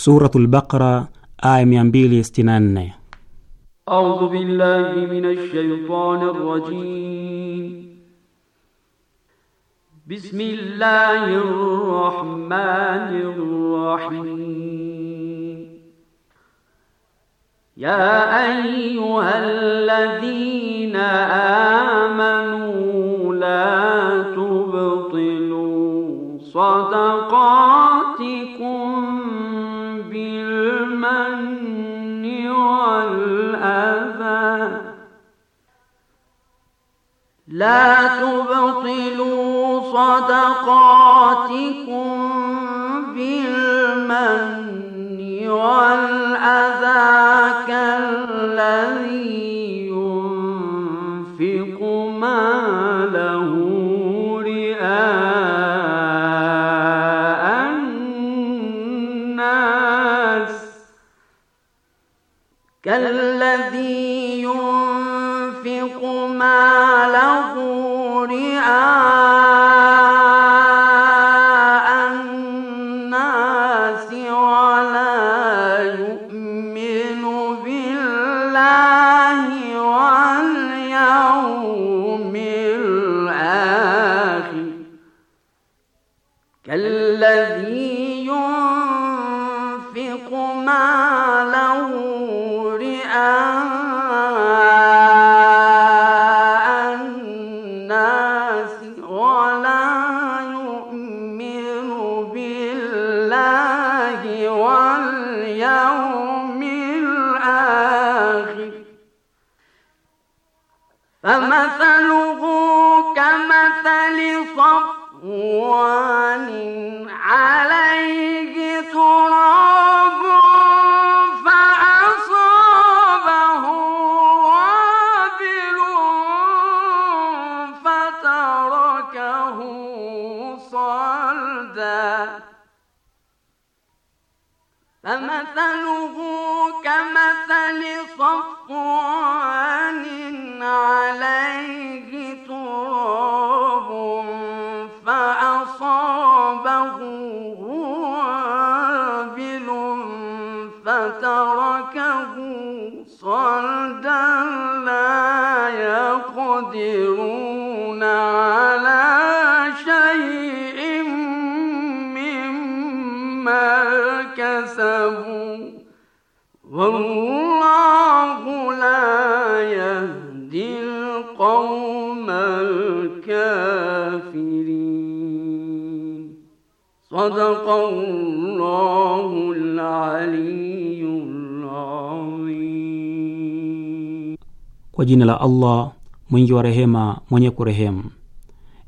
Surat al-Baqara aya 264. Audhu billahi minash shaitanir rajim. Bismillahir rahmanir rahim. Ya ayyuhalladhina amanu la tubtilu sadaqat لا تبطلوا صدقاتكم بالمن والأذى كالذي ينفق ماله one. Kwa jina la Allah mwingi wa rehema mwenye kurehemu.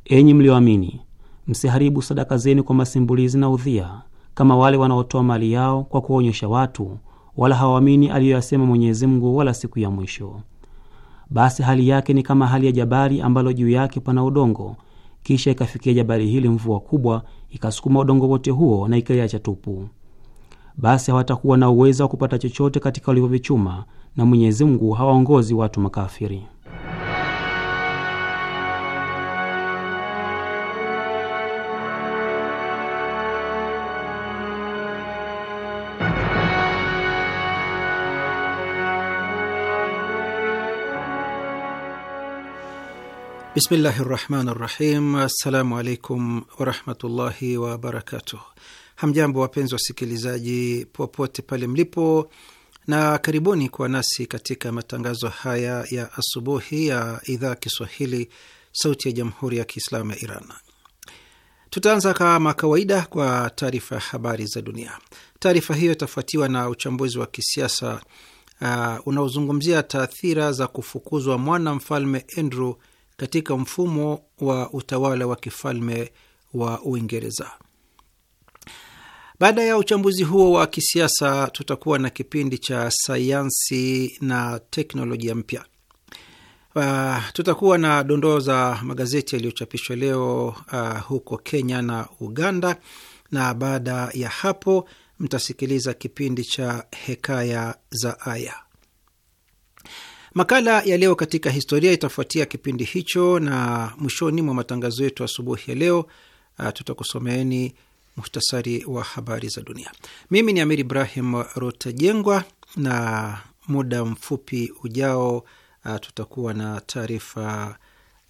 Enyi mlioamini, msiharibu sadaka zenu kwa masimbulizi na udhia, kama wale wanaotoa mali yao kwa kuwaonyesha watu, wala hawaamini aliyoyasema Mwenyezi Mungu wala siku ya mwisho. Basi hali yake ni kama hali ya jabali ambalo juu yake pana udongo, kisha ikafikia jabali hili mvua kubwa ikasukuma udongo wote huo na ikaiacha tupu, basi hawatakuwa na uwezo wa kupata chochote katika walivyovichuma, na Mwenyezi Mungu hawaongozi watu makafiri. Bismillahi rahmani rahim. Assalamu alaikum warahmatullahi wabarakatuh. Hamjambo wapenzi wasikilizaji, popote pale mlipo, na karibuni kwa nasi katika matangazo haya ya asubuhi ya idhaa Kiswahili sauti ya jamhuri ya Kiislamu ya Iran. Tutaanza kama kawaida kwa taarifa ya habari za dunia. Taarifa hiyo itafuatiwa na uchambuzi wa kisiasa uh, unaozungumzia taathira za kufukuzwa mwana mfalme Andrew katika mfumo wa utawala wa kifalme wa Uingereza. Baada ya uchambuzi huo wa kisiasa, tutakuwa na kipindi cha sayansi na teknolojia mpya. Uh, tutakuwa na dondoo za magazeti yaliyochapishwa leo uh, huko Kenya na Uganda, na baada ya hapo mtasikiliza kipindi cha hekaya za aya. Makala ya leo katika historia itafuatia kipindi hicho, na mwishoni mwa matangazo yetu asubuhi ya leo uh, tutakusomeeni muhtasari wa habari za dunia. Mimi ni Amir Ibrahim Rotajengwa, na muda mfupi ujao a, uh, tutakuwa na taarifa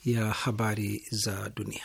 ya habari za dunia.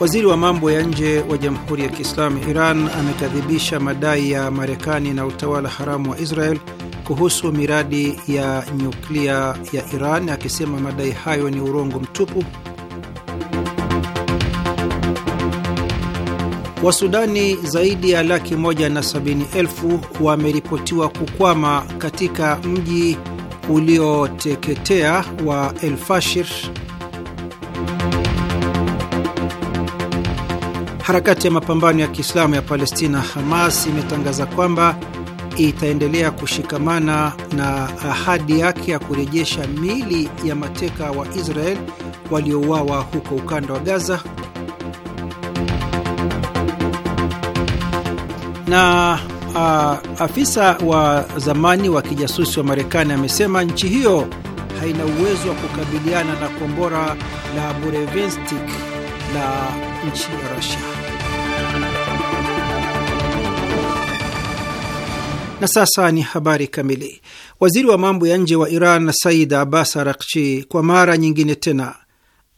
Waziri wa mambo ya nje wa Jamhuri ya Kiislamu Iran amekadhibisha madai ya Marekani na utawala haramu wa Israel kuhusu miradi ya nyuklia ya Iran akisema madai hayo ni urongo mtupu. Wasudani zaidi ya laki moja na sabini elfu wameripotiwa kukwama katika mji ulioteketea wa elfashir Harakati ya mapambano ya Kiislamu ya Palestina Hamas imetangaza kwamba itaendelea kushikamana na ahadi yake ya kurejesha miili ya mateka wa Israel waliouawa huko ukanda wa Gaza. Na uh, afisa wa zamani wa kijasusi wa Marekani amesema nchi hiyo haina uwezo wa kukabiliana na kombora la Burevestik la nchi ya Russia. Na sasa ni habari kamili. Waziri wa mambo ya nje wa Iran Said Abbas Arakchi kwa mara nyingine tena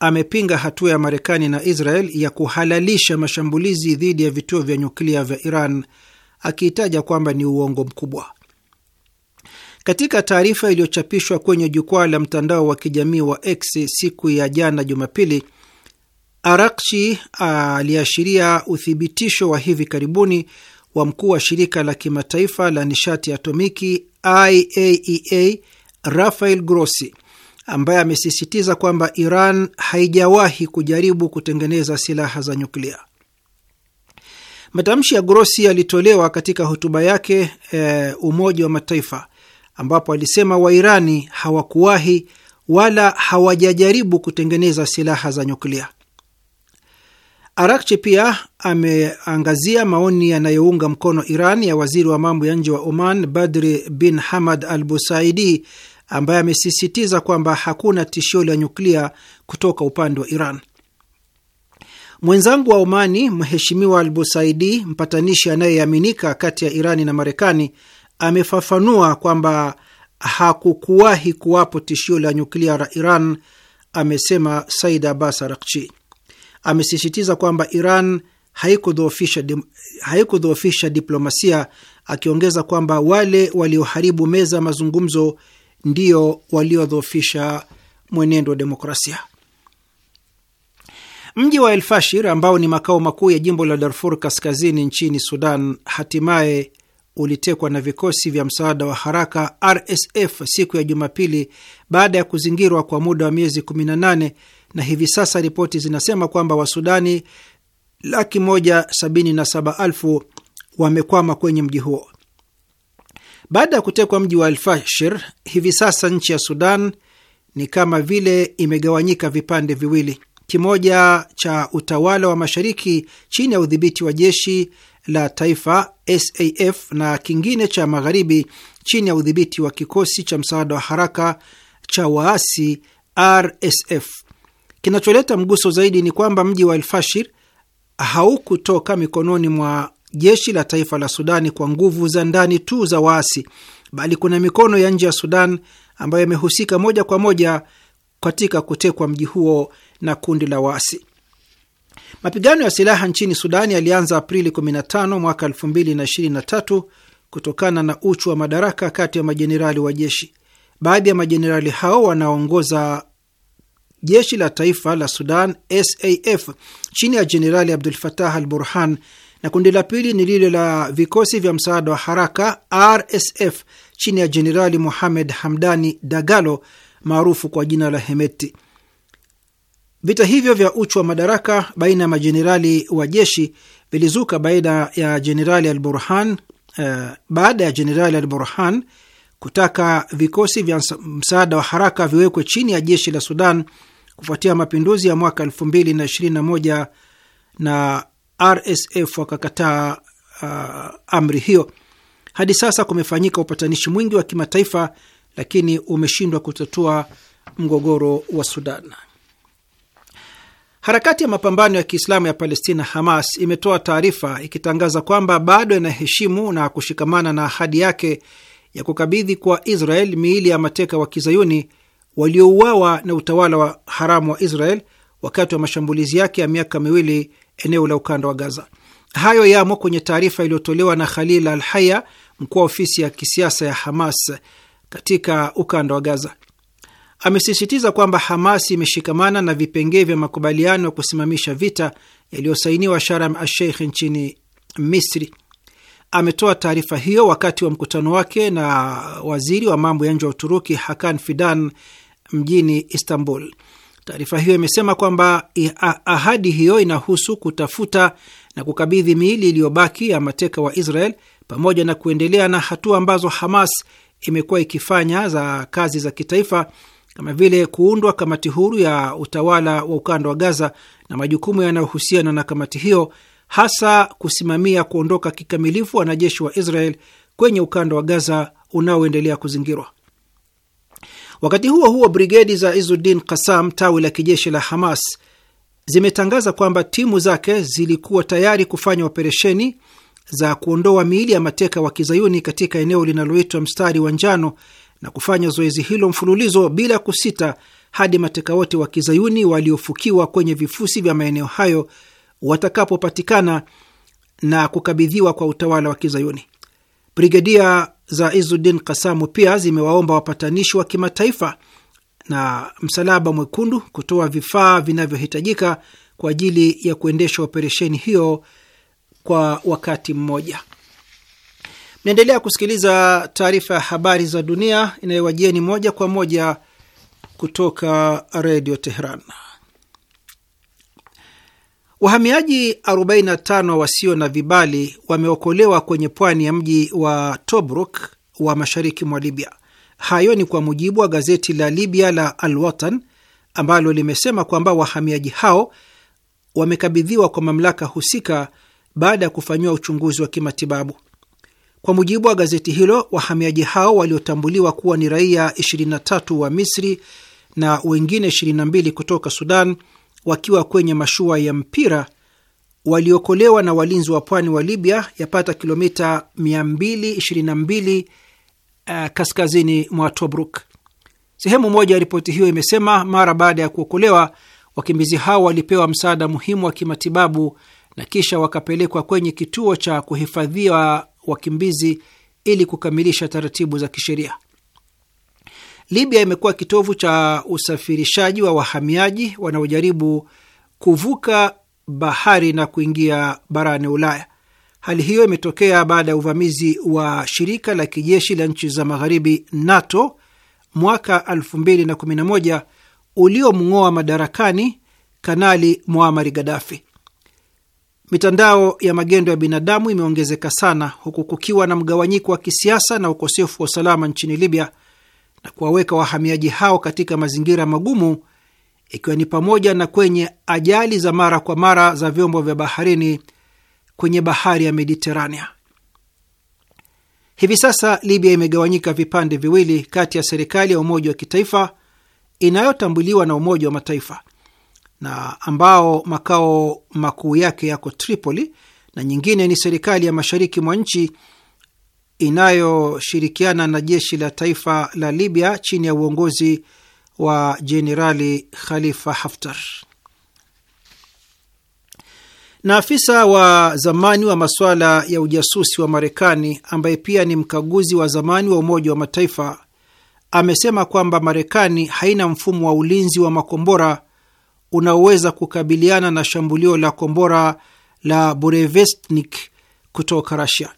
amepinga hatua ya Marekani na Israel ya kuhalalisha mashambulizi dhidi ya vituo vya nyuklia vya Iran akiitaja kwamba ni uongo mkubwa. Katika taarifa iliyochapishwa kwenye jukwaa la mtandao wa kijamii wa X siku ya jana Jumapili, Arakshi ah, aliashiria uthibitisho wa hivi karibuni wa mkuu wa shirika la kimataifa la nishati atomiki IAEA e Rafael Grossi ambaye amesisitiza kwamba Iran haijawahi kujaribu kutengeneza silaha za nyuklia. Matamshi ya Grossi yalitolewa katika hotuba yake e, Umoja wa Mataifa ambapo alisema Wairani hawakuwahi wala hawajajaribu kutengeneza silaha za nyuklia. Arakchi pia ameangazia maoni yanayounga mkono Iran ya waziri wa mambo ya nje wa Oman Badri bin Hamad al Busaidi ambaye amesisitiza kwamba hakuna tishio la nyuklia kutoka upande wa Iran. Mwenzangu wa Omani, Mheshimiwa al Busaidi, mpatanishi anayeaminika kati ya Irani na Marekani, amefafanua kwamba hakukuwahi kuwapo tishio la nyuklia la Iran, amesema Said Abbas Arakchi amesisitiza kwamba Iran haikudhoofisha haiku diplomasia, akiongeza kwamba wale walioharibu meza ya mazungumzo ndio waliodhoofisha mwenendo wa demokrasia. Mji wa El Fashir ambao ni makao makuu ya jimbo la Darfur kaskazini nchini Sudan hatimaye ulitekwa na vikosi vya msaada wa haraka RSF siku ya Jumapili baada ya kuzingirwa kwa muda wa miezi 18 na hivi sasa ripoti zinasema kwamba Wasudani laki moja sabini na saba alfu wamekwama kwenye mji huo baada ya kutekwa mji wa Alfashir. Hivi sasa nchi ya Sudan ni kama vile imegawanyika vipande viwili, kimoja cha utawala wa mashariki chini ya udhibiti wa jeshi la taifa SAF na kingine cha magharibi chini ya udhibiti wa kikosi cha msaada wa haraka cha waasi RSF. Kinacholeta mguso zaidi ni kwamba mji wa Elfashir haukutoka mikononi mwa jeshi la taifa la Sudani kwa nguvu za ndani tu za waasi, bali kuna mikono ya nje ya Sudan ambayo imehusika moja kwa moja katika kutekwa mji huo na kundi la waasi. Mapigano ya silaha nchini Sudani yalianza Aprili 15 mwaka 2023 kutokana na uchu wa madaraka kati ya majenerali wa jeshi. Baadhi ya majenerali hao wanaongoza jeshi la taifa la Sudan SAF chini ya Jenerali Abdul Fatah al Burhan, na kundi la pili ni lile la vikosi vya msaada wa haraka RSF chini ya Jenerali Muhamed Hamdani Dagalo maarufu kwa jina la Hemeti. Vita hivyo vya uchu wa madaraka baina ya majenerali wa jeshi vilizuka eh, baada ya Jenerali al Burhan, uh, baada ya Jenerali al Burhan kutaka vikosi vya msaada wa haraka viwekwe chini ya jeshi la Sudan kufuatia mapinduzi ya mwaka 2021 na RSF wakakataa uh, amri hiyo. Hadi sasa kumefanyika upatanishi mwingi wa kimataifa, lakini umeshindwa kutatua mgogoro wa Sudan. Harakati ya mapambano ya Kiislamu ya Palestina, Hamas, imetoa taarifa ikitangaza kwamba bado inaheshimu na kushikamana na ahadi yake ya kukabidhi kwa Israel miili ya mateka wa kizayuni waliouawa na utawala wa haramu wa Israel wakati wa mashambulizi yake ya miaka miwili eneo la ukanda wa Gaza. Hayo yamo kwenye taarifa iliyotolewa na Khalil Al Haya, mkuu wa ofisi ya kisiasa ya Hamas katika ukanda wa Gaza. Amesisitiza kwamba Hamas imeshikamana na vipengee vya makubaliano ya kusimamisha vita yaliyosainiwa Sharm Asheikh nchini Misri ametoa taarifa hiyo wakati wa mkutano wake na waziri wa mambo ya nje wa Uturuki Hakan Fidan mjini Istanbul. Taarifa hiyo imesema kwamba ahadi hiyo inahusu kutafuta na kukabidhi miili iliyobaki ya mateka wa Israel pamoja na kuendelea na hatua ambazo Hamas imekuwa ikifanya za kazi za kitaifa kama vile kuundwa kamati huru ya utawala wa ukanda wa Gaza na majukumu yanayohusiana na kamati hiyo hasa kusimamia kuondoka kikamilifu wanajeshi wa Israel kwenye ukanda wa Gaza unaoendelea kuzingirwa. Wakati huo huo, brigedi za Izuddin Kasam, tawi la kijeshi la Hamas, zimetangaza kwamba timu zake zilikuwa tayari kufanya operesheni za kuondoa miili ya mateka wa kizayuni katika eneo linaloitwa mstari wa njano na kufanya zoezi hilo mfululizo bila kusita hadi mateka wote wa kizayuni waliofukiwa kwenye vifusi vya maeneo hayo watakapopatikana na kukabidhiwa kwa utawala wa Kizayuni. Brigedia za Izuddin Kasamu pia zimewaomba wapatanishi wa kimataifa na Msalaba Mwekundu kutoa vifaa vinavyohitajika kwa ajili ya kuendesha operesheni hiyo kwa wakati mmoja. Mnaendelea kusikiliza taarifa ya habari za dunia inayowajieni moja kwa moja kutoka Redio Tehran. Wahamiaji 45 wasio na vibali wameokolewa kwenye pwani ya mji wa Tobruk wa mashariki mwa Libya. Hayo ni kwa mujibu wa gazeti la Libya la alwatan ambalo limesema kwamba wahamiaji hao wamekabidhiwa kwa mamlaka husika baada ya kufanyiwa uchunguzi wa kimatibabu. Kwa mujibu wa gazeti hilo, wahamiaji hao waliotambuliwa kuwa ni raia 23 wa Misri na wengine 22 kutoka Sudan wakiwa kwenye mashua ya mpira waliokolewa na walinzi wa pwani wa Libya yapata kilomita 222 uh, eh, kaskazini mwa Tobruk. Sehemu moja ya ripoti hiyo imesema mara baada ya kuokolewa, wakimbizi hao walipewa msaada muhimu wa kimatibabu na kisha wakapelekwa kwenye kituo cha kuhifadhia wakimbizi ili kukamilisha taratibu za kisheria. Libya imekuwa kitovu cha usafirishaji wa wahamiaji wanaojaribu kuvuka bahari na kuingia barani Ulaya. Hali hiyo imetokea baada ya uvamizi wa shirika la kijeshi la nchi za magharibi NATO mwaka 2011 uliomng'oa madarakani Kanali Muamari Gadafi. Mitandao ya magendo ya binadamu imeongezeka sana huku kukiwa na mgawanyiko wa kisiasa na ukosefu wa usalama nchini Libya na kuwaweka wahamiaji hao katika mazingira magumu, ikiwa ni pamoja na kwenye ajali za mara kwa mara za vyombo vya baharini kwenye bahari ya Mediterania. Hivi sasa Libya imegawanyika vipande viwili kati ya serikali ya umoja wa kitaifa inayotambuliwa na Umoja wa Mataifa na ambao makao makuu yake yako Tripoli na nyingine ni serikali ya mashariki mwa nchi inayoshirikiana na jeshi la taifa la Libya chini ya uongozi wa Jenerali Khalifa Haftar. Na afisa wa zamani wa masuala ya ujasusi wa Marekani ambaye pia ni mkaguzi wa zamani wa Umoja wa Mataifa amesema kwamba Marekani haina mfumo wa ulinzi wa makombora unaoweza kukabiliana na shambulio la kombora la Burevestnik kutoka Russia.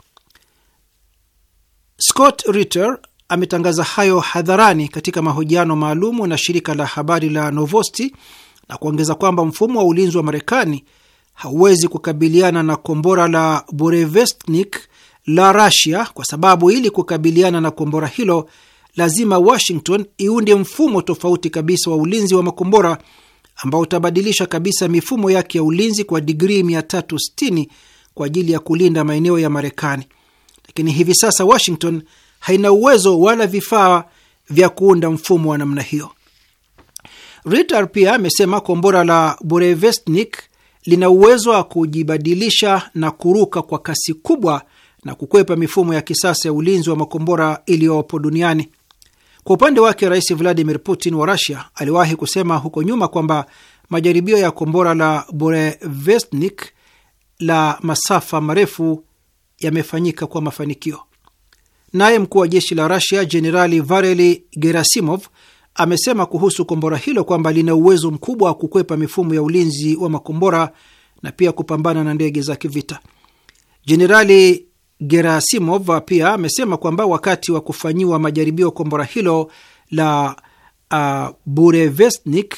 Scott Ritter ametangaza hayo hadharani katika mahojiano maalumu na shirika la habari la Novosti na kuongeza kwamba mfumo wa ulinzi wa Marekani hauwezi kukabiliana na kombora la Burevestnik la Rasia kwa sababu ili kukabiliana na kombora hilo lazima Washington iunde mfumo tofauti kabisa wa ulinzi wa makombora ambao utabadilisha kabisa mifumo yake ya ulinzi kwa digrii 360 kwa ajili ya kulinda maeneo ya Marekani lakini hivi sasa Washington haina uwezo wala vifaa vya kuunda mfumo wa namna hiyo. Ritter pia amesema kombora la Burevestnik lina uwezo wa kujibadilisha na kuruka kwa kasi kubwa na kukwepa mifumo ya kisasa ya ulinzi wa makombora iliyopo duniani. Kwa upande wake, Rais Vladimir Putin wa Rusia aliwahi kusema huko nyuma kwamba majaribio ya kombora la Burevestnik la masafa marefu yamefanyika kwa mafanikio. Naye mkuu wa jeshi la Rasia Jenerali Vareli Gerasimov amesema kuhusu kombora hilo kwamba lina uwezo mkubwa wa kukwepa mifumo ya ulinzi wa makombora na pia kupambana na ndege za kivita. Jenerali Gerasimov pia amesema kwamba wakati wa kufanyiwa majaribio kombora hilo la uh, Burevestnik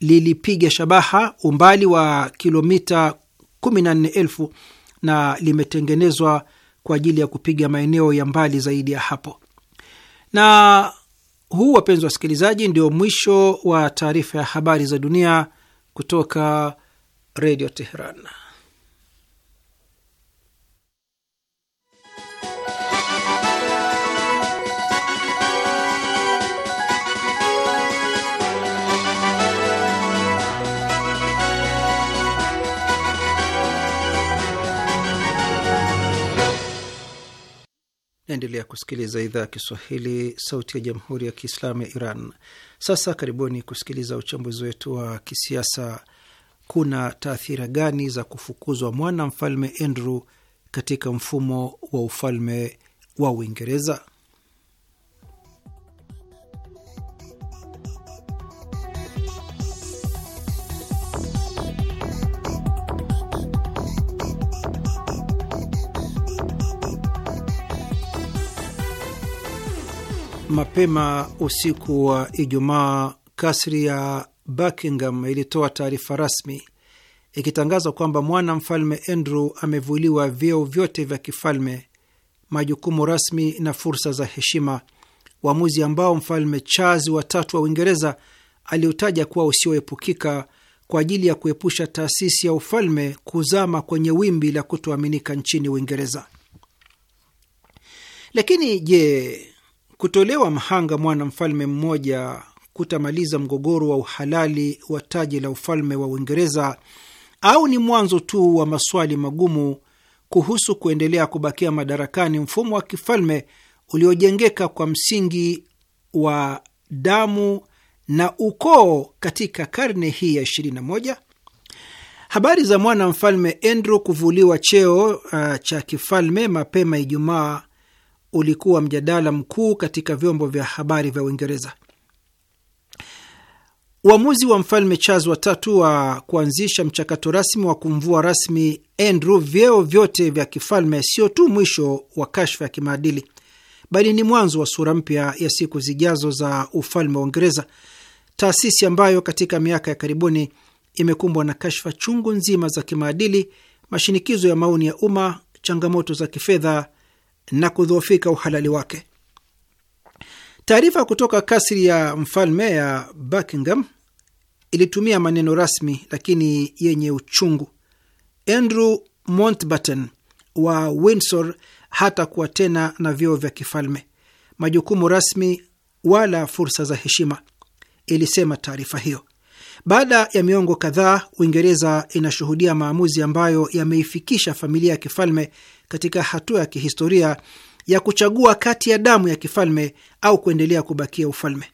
lilipiga shabaha umbali wa kilomita 14,000 na limetengenezwa kwa ajili ya kupiga maeneo ya mbali zaidi ya hapo. Na huu, wapenzi wasikilizaji, ndio mwisho wa taarifa ya habari za dunia kutoka Redio Teheran. Naendelea kusikiliza idhaa ya Kiswahili, sauti ya jamhuri ya kiislamu ya Iran. Sasa karibuni kusikiliza uchambuzi wetu wa kisiasa. Kuna taathira gani za kufukuzwa mwana mfalme Andrew katika mfumo wa ufalme wa Uingereza? Mapema usiku wa Ijumaa, kasri ya Buckingham ilitoa taarifa rasmi ikitangaza kwamba mwana mfalme Andrew amevuliwa vyeo vyote vya kifalme, majukumu rasmi na fursa za heshima, uamuzi ambao mfalme Charles watatu wa Uingereza aliutaja kuwa usioepukika kwa ajili ya kuepusha taasisi ya ufalme kuzama kwenye wimbi la kutoaminika nchini Uingereza. Lakini je, Kutolewa mhanga mwana mfalme mmoja kutamaliza mgogoro wa uhalali wa taji la ufalme wa Uingereza au ni mwanzo tu wa maswali magumu kuhusu kuendelea kubakia madarakani mfumo wa kifalme uliojengeka kwa msingi wa damu na ukoo katika karne hii ya 21? Habari za mwana mfalme Andrew kuvuliwa cheo uh, cha kifalme mapema Ijumaa ulikuwa mjadala mkuu katika vyombo vya habari vya Uingereza. Uamuzi wa mfalme Charles watatu wa kuanzisha mchakato rasmi wa kumvua rasmi Andrew vyeo vyote vya kifalme sio tu mwisho wa kashfa ya kimaadili, bali ni mwanzo wa sura mpya ya siku zijazo za ufalme wa Uingereza, taasisi ambayo katika miaka ya karibuni imekumbwa na kashfa chungu nzima za kimaadili, mashinikizo ya maoni ya umma, changamoto za kifedha na kudhoofika uhalali wake. Taarifa kutoka kasri ya mfalme ya Buckingham ilitumia maneno rasmi lakini yenye uchungu. Andrew Mountbatten wa Windsor hatakuwa tena na vyeo vya kifalme, majukumu rasmi, wala fursa za heshima, ilisema taarifa hiyo. Baada ya miongo kadhaa, Uingereza inashuhudia maamuzi ambayo yameifikisha familia ya kifalme katika hatua ya kihistoria ya kuchagua kati ya damu ya kifalme au kuendelea kubakia ufalme.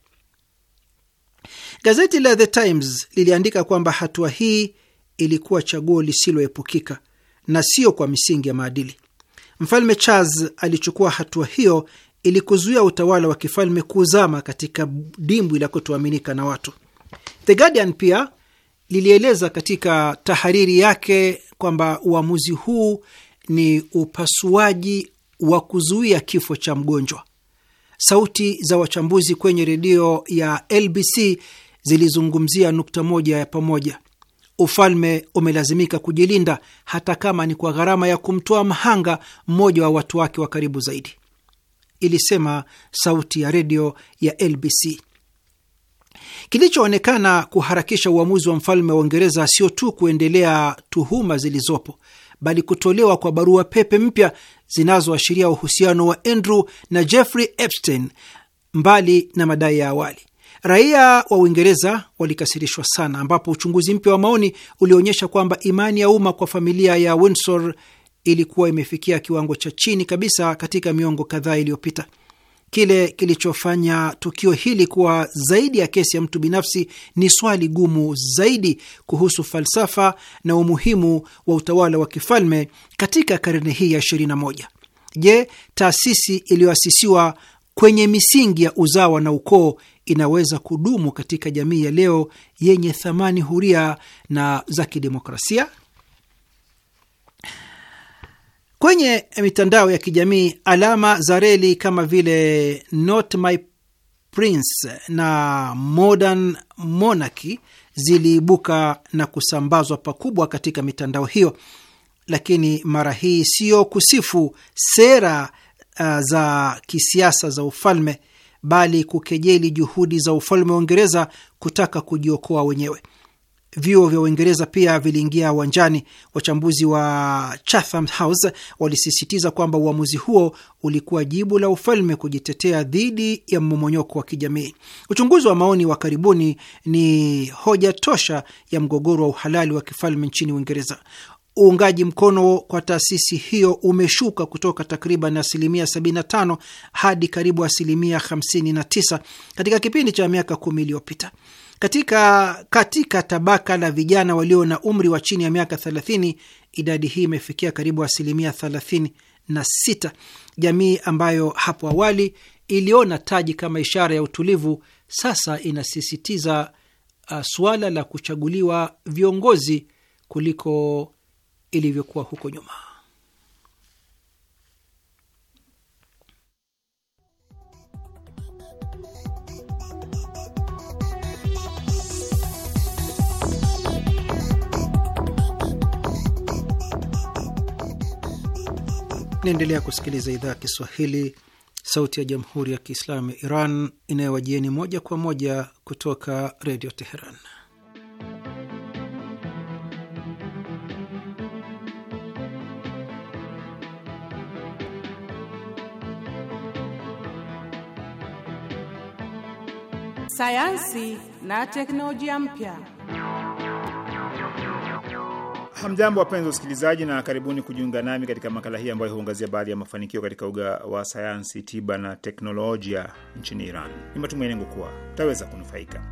Gazeti la The Times liliandika kwamba hatua hii ilikuwa chaguo lisiloepukika na sio kwa misingi ya maadili. Mfalme Charles alichukua hatua hiyo ili kuzuia utawala wa kifalme kuzama katika dimbwi la kutoaminika na watu. The Guardian pia lilieleza katika tahariri yake kwamba uamuzi huu ni upasuaji wa kuzuia kifo cha mgonjwa. Sauti za wachambuzi kwenye redio ya LBC zilizungumzia nukta moja ya pamoja: ufalme umelazimika kujilinda, hata kama ni kwa gharama ya kumtoa mhanga mmoja wa watu wake wa karibu zaidi, ilisema sauti ya redio ya LBC. Kilichoonekana kuharakisha uamuzi wa mfalme wa Uingereza sio tu kuendelea tuhuma zilizopo, bali kutolewa kwa barua pepe mpya zinazoashiria uhusiano wa Andrew na Jeffrey Epstein, mbali na madai ya awali. Raia wa Uingereza walikasirishwa sana, ambapo uchunguzi mpya wa maoni ulionyesha kwamba imani ya umma kwa familia ya Windsor ilikuwa imefikia kiwango cha chini kabisa katika miongo kadhaa iliyopita. Kile kilichofanya tukio hili kuwa zaidi ya kesi ya mtu binafsi ni swali gumu zaidi kuhusu falsafa na umuhimu wa utawala wa kifalme katika karne hii ya 21. Je, taasisi iliyoasisiwa kwenye misingi ya uzawa na ukoo inaweza kudumu katika jamii ya leo yenye thamani huria na za kidemokrasia? Kwenye mitandao ya kijamii alama za reli kama vile Not My Prince na Modern Monarchy ziliibuka na kusambazwa pakubwa katika mitandao hiyo, lakini mara hii siyo kusifu sera uh, za kisiasa za ufalme, bali kukejeli juhudi za ufalme wa Uingereza kutaka kujiokoa wenyewe vyuo vya Uingereza pia viliingia uwanjani. Wachambuzi wa Chatham House walisisitiza kwamba uamuzi huo ulikuwa jibu la ufalme kujitetea dhidi ya mmomonyoko wa kijamii. Uchunguzi wa maoni wa karibuni ni hoja tosha ya mgogoro wa uhalali wa kifalme nchini Uingereza. Uungaji mkono kwa taasisi hiyo umeshuka kutoka takriban asilimia 75 hadi karibu asilimia 59 katika kipindi cha miaka kumi iliyopita. Katika, katika tabaka la vijana walio na umri wa chini ya miaka 30 idadi hii imefikia karibu asilimia 36, jamii ambayo hapo awali iliona taji kama ishara ya utulivu sasa inasisitiza uh, suala la kuchaguliwa viongozi kuliko ilivyokuwa huko nyuma. Naendelea kusikiliza idhaa ya Kiswahili, sauti ya jamhuri ya kiislamu ya Iran inayowajieni moja kwa moja kutoka redio Teheran. Sayansi na teknolojia mpya. Hamjambo, wapenzi wasikilizaji, na karibuni kujiunga nami katika makala hii ambayo huangazia baadhi ya mafanikio katika uga wa sayansi, tiba na teknolojia nchini Iran. Ni matumaini yangu kuwa utaweza kunufaika.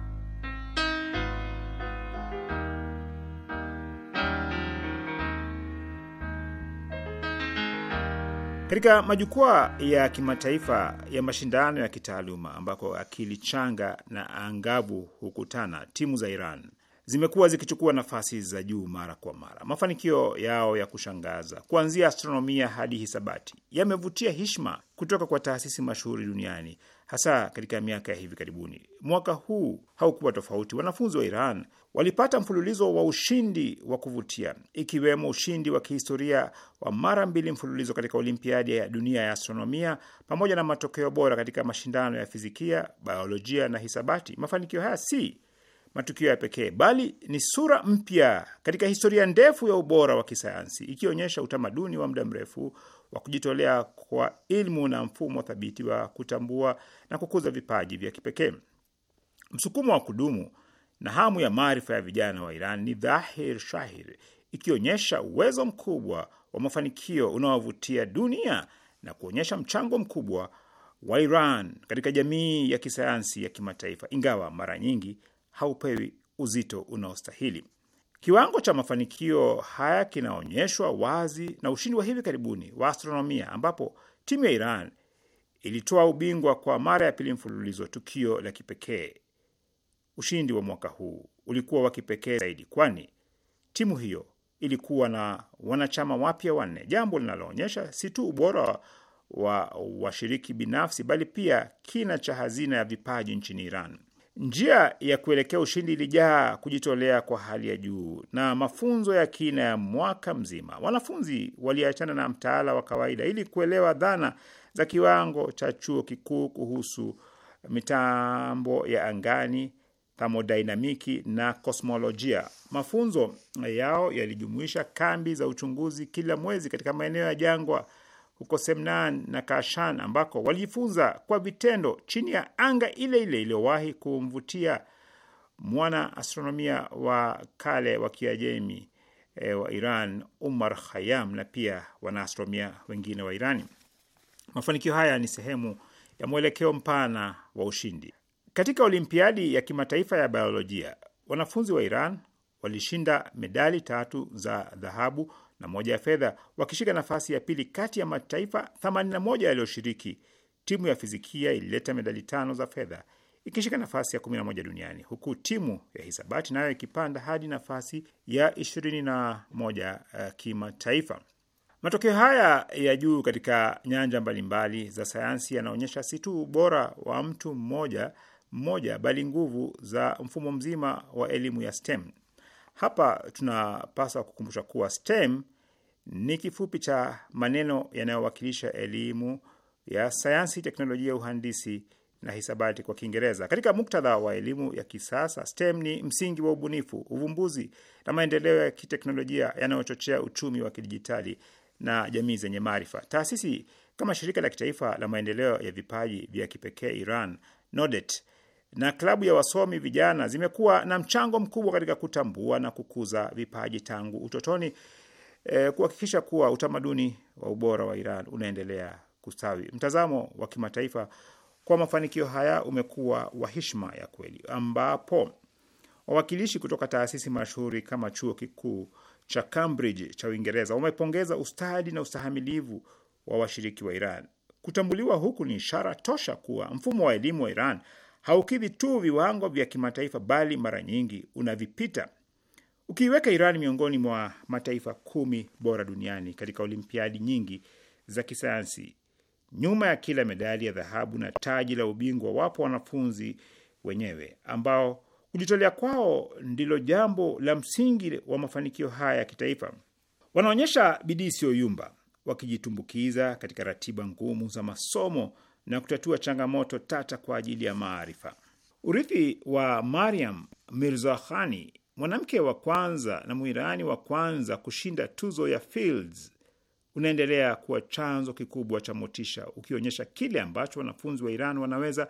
Katika majukwaa ya kimataifa ya mashindano ya kitaaluma ambako akili changa na angavu hukutana, timu za Iran zimekuwa zikichukua nafasi za juu mara kwa mara. Mafanikio yao ya kushangaza kuanzia astronomia hadi hisabati yamevutia heshima kutoka kwa taasisi mashuhuri duniani hasa katika miaka ya hivi karibuni. Mwaka huu haukuwa tofauti. Wanafunzi wa Iran walipata mfululizo wa ushindi wa kuvutia, ikiwemo ushindi wa kihistoria wa mara mbili mfululizo katika Olimpiadi ya dunia ya astronomia, pamoja na matokeo bora katika mashindano ya fizikia, biolojia na hisabati. Mafanikio haya si matukio ya pekee, bali ni sura mpya katika historia ndefu ya ubora wa kisayansi, ikionyesha utamaduni wa muda mrefu wa kujitolea kwa ilmu na mfumo thabiti wa kutambua na kukuza vipaji vya kipekee. Msukumo wa kudumu na hamu ya maarifa ya vijana wa Iran ni dhahir shahir, ikionyesha uwezo mkubwa wa mafanikio unaovutia dunia na kuonyesha mchango mkubwa wa Iran katika jamii ya kisayansi ya kimataifa, ingawa mara nyingi haupewi uzito unaostahili. Kiwango cha mafanikio haya kinaonyeshwa wazi na ushindi wa hivi karibuni wa astronomia, ambapo timu ya Iran ilitoa ubingwa kwa mara ya pili mfululizo, tukio la kipekee. Ushindi wa mwaka huu ulikuwa wa kipekee zaidi, kwani timu hiyo ilikuwa na wanachama wapya wanne, jambo linaloonyesha si tu ubora wa washiriki binafsi, bali pia kina cha hazina ya vipaji nchini Iran. Njia ya kuelekea ushindi ilijaa kujitolea kwa hali ya juu na mafunzo ya kina ya mwaka mzima. Wanafunzi waliachana na mtaala wa kawaida ili kuelewa dhana za kiwango cha chuo kikuu kuhusu mitambo ya angani, thamodinamiki na kosmolojia. Mafunzo yao yalijumuisha kambi za uchunguzi kila mwezi katika maeneo ya jangwa huko Semnan na Kashan ambako walijifunza kwa vitendo chini ya anga ile ile iliyowahi kumvutia mwana astronomia wa kale wa Kiajemi e, wa Iran Umar hayam na pia wanaastronomia wengine wa Irani. Mafanikio haya ni sehemu ya mwelekeo mpana wa ushindi katika Olimpiadi ya kimataifa ya biolojia. Wanafunzi wa Iran walishinda medali tatu za dhahabu na moja ya fedha, wakishika nafasi ya pili kati ya mataifa 81 yaliyoshiriki. Timu ya fizikia ilileta medali tano za fedha ikishika nafasi ya 11 duniani, huku timu ya hisabati nayo ikipanda hadi nafasi ya 21 eh, kimataifa. Matokeo haya ya juu katika nyanja mbalimbali za sayansi yanaonyesha si tu ubora wa mtu mmoja mmoja, bali nguvu za mfumo mzima wa elimu ya STEM. Hapa tunapaswa kukumbusha kuwa STEM ni kifupi cha maneno yanayowakilisha elimu ya sayansi, teknolojia, uhandisi na hisabati kwa Kiingereza. Katika muktadha wa elimu ya kisasa, STEM ni msingi wa ubunifu, uvumbuzi na maendeleo ya kiteknolojia yanayochochea uchumi wa kidijitali na jamii zenye maarifa. Taasisi kama shirika la kitaifa la maendeleo ya vipaji vya kipekee Iran, NODET, na klabu ya wasomi vijana zimekuwa na mchango mkubwa katika kutambua na kukuza vipaji tangu utotoni, e, kuhakikisha kuwa utamaduni wa ubora wa Iran unaendelea kustawi. Mtazamo wa kimataifa kwa mafanikio haya umekuwa wa heshima ya kweli, ambapo wawakilishi kutoka taasisi mashuhuri kama chuo kikuu cha Cambridge cha Uingereza wamepongeza ustadi na ustahamilivu wa washiriki wa Iran. Kutambuliwa huku ni ishara tosha kuwa mfumo wa elimu wa Iran haukidhi tu viwango vya kimataifa bali mara nyingi unavipita. Ukiiweka Iran miongoni mwa mataifa kumi bora duniani katika olimpiadi nyingi za kisayansi, nyuma ya kila medali ya dhahabu na taji la ubingwa wapo wanafunzi wenyewe ambao kujitolea kwao ndilo jambo la msingi wa mafanikio haya ya kitaifa. Wanaonyesha bidii isiyoyumba, wakijitumbukiza katika ratiba ngumu za masomo na kutatua changamoto tata kwa ajili ya maarifa. Urithi wa Mariam Mirzakhani, mwanamke wa kwanza na Mwirani wa kwanza kushinda tuzo ya Fields, unaendelea kuwa chanzo kikubwa cha motisha, ukionyesha kile ambacho wanafunzi wa Iran wanaweza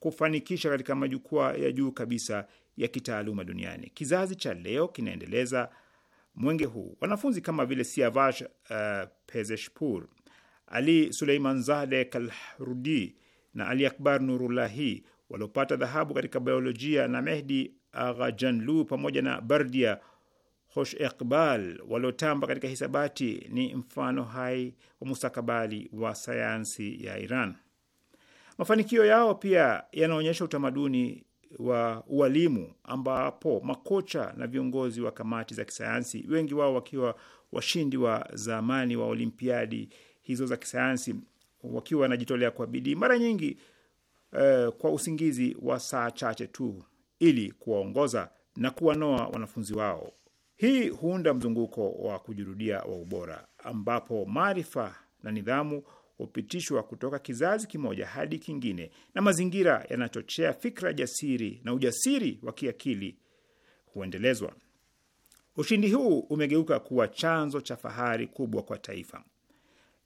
kufanikisha katika majukwaa ya juu kabisa ya kitaaluma duniani. Kizazi cha leo kinaendeleza mwenge huu. Wanafunzi kama vile Siavash uh, Pezeshpur ali Suleiman Zade Kalhrudi na Ali Akbar Nurullahi waliopata dhahabu katika biolojia na Mehdi Aghajanlu pamoja na Bardia Hosh Iqbal waliotamba katika hisabati ni mfano hai wa mustakabali wa sayansi ya Iran. Mafanikio yao pia yanaonyesha utamaduni wa ualimu ambapo makocha na viongozi wa kamati za kisayansi, wengi wao wakiwa washindi wa zamani wa Olimpiadi hizo za kisayansi wakiwa wanajitolea kwa bidii, mara nyingi eh, kwa usingizi wa saa chache tu, ili kuwaongoza na kuwanoa wanafunzi wao. Hii huunda mzunguko wa kujirudia wa ubora, ambapo maarifa na nidhamu hupitishwa kutoka kizazi kimoja hadi kingine, na mazingira yanachochea fikra jasiri na ujasiri wa kiakili huendelezwa. Ushindi huu umegeuka kuwa chanzo cha fahari kubwa kwa taifa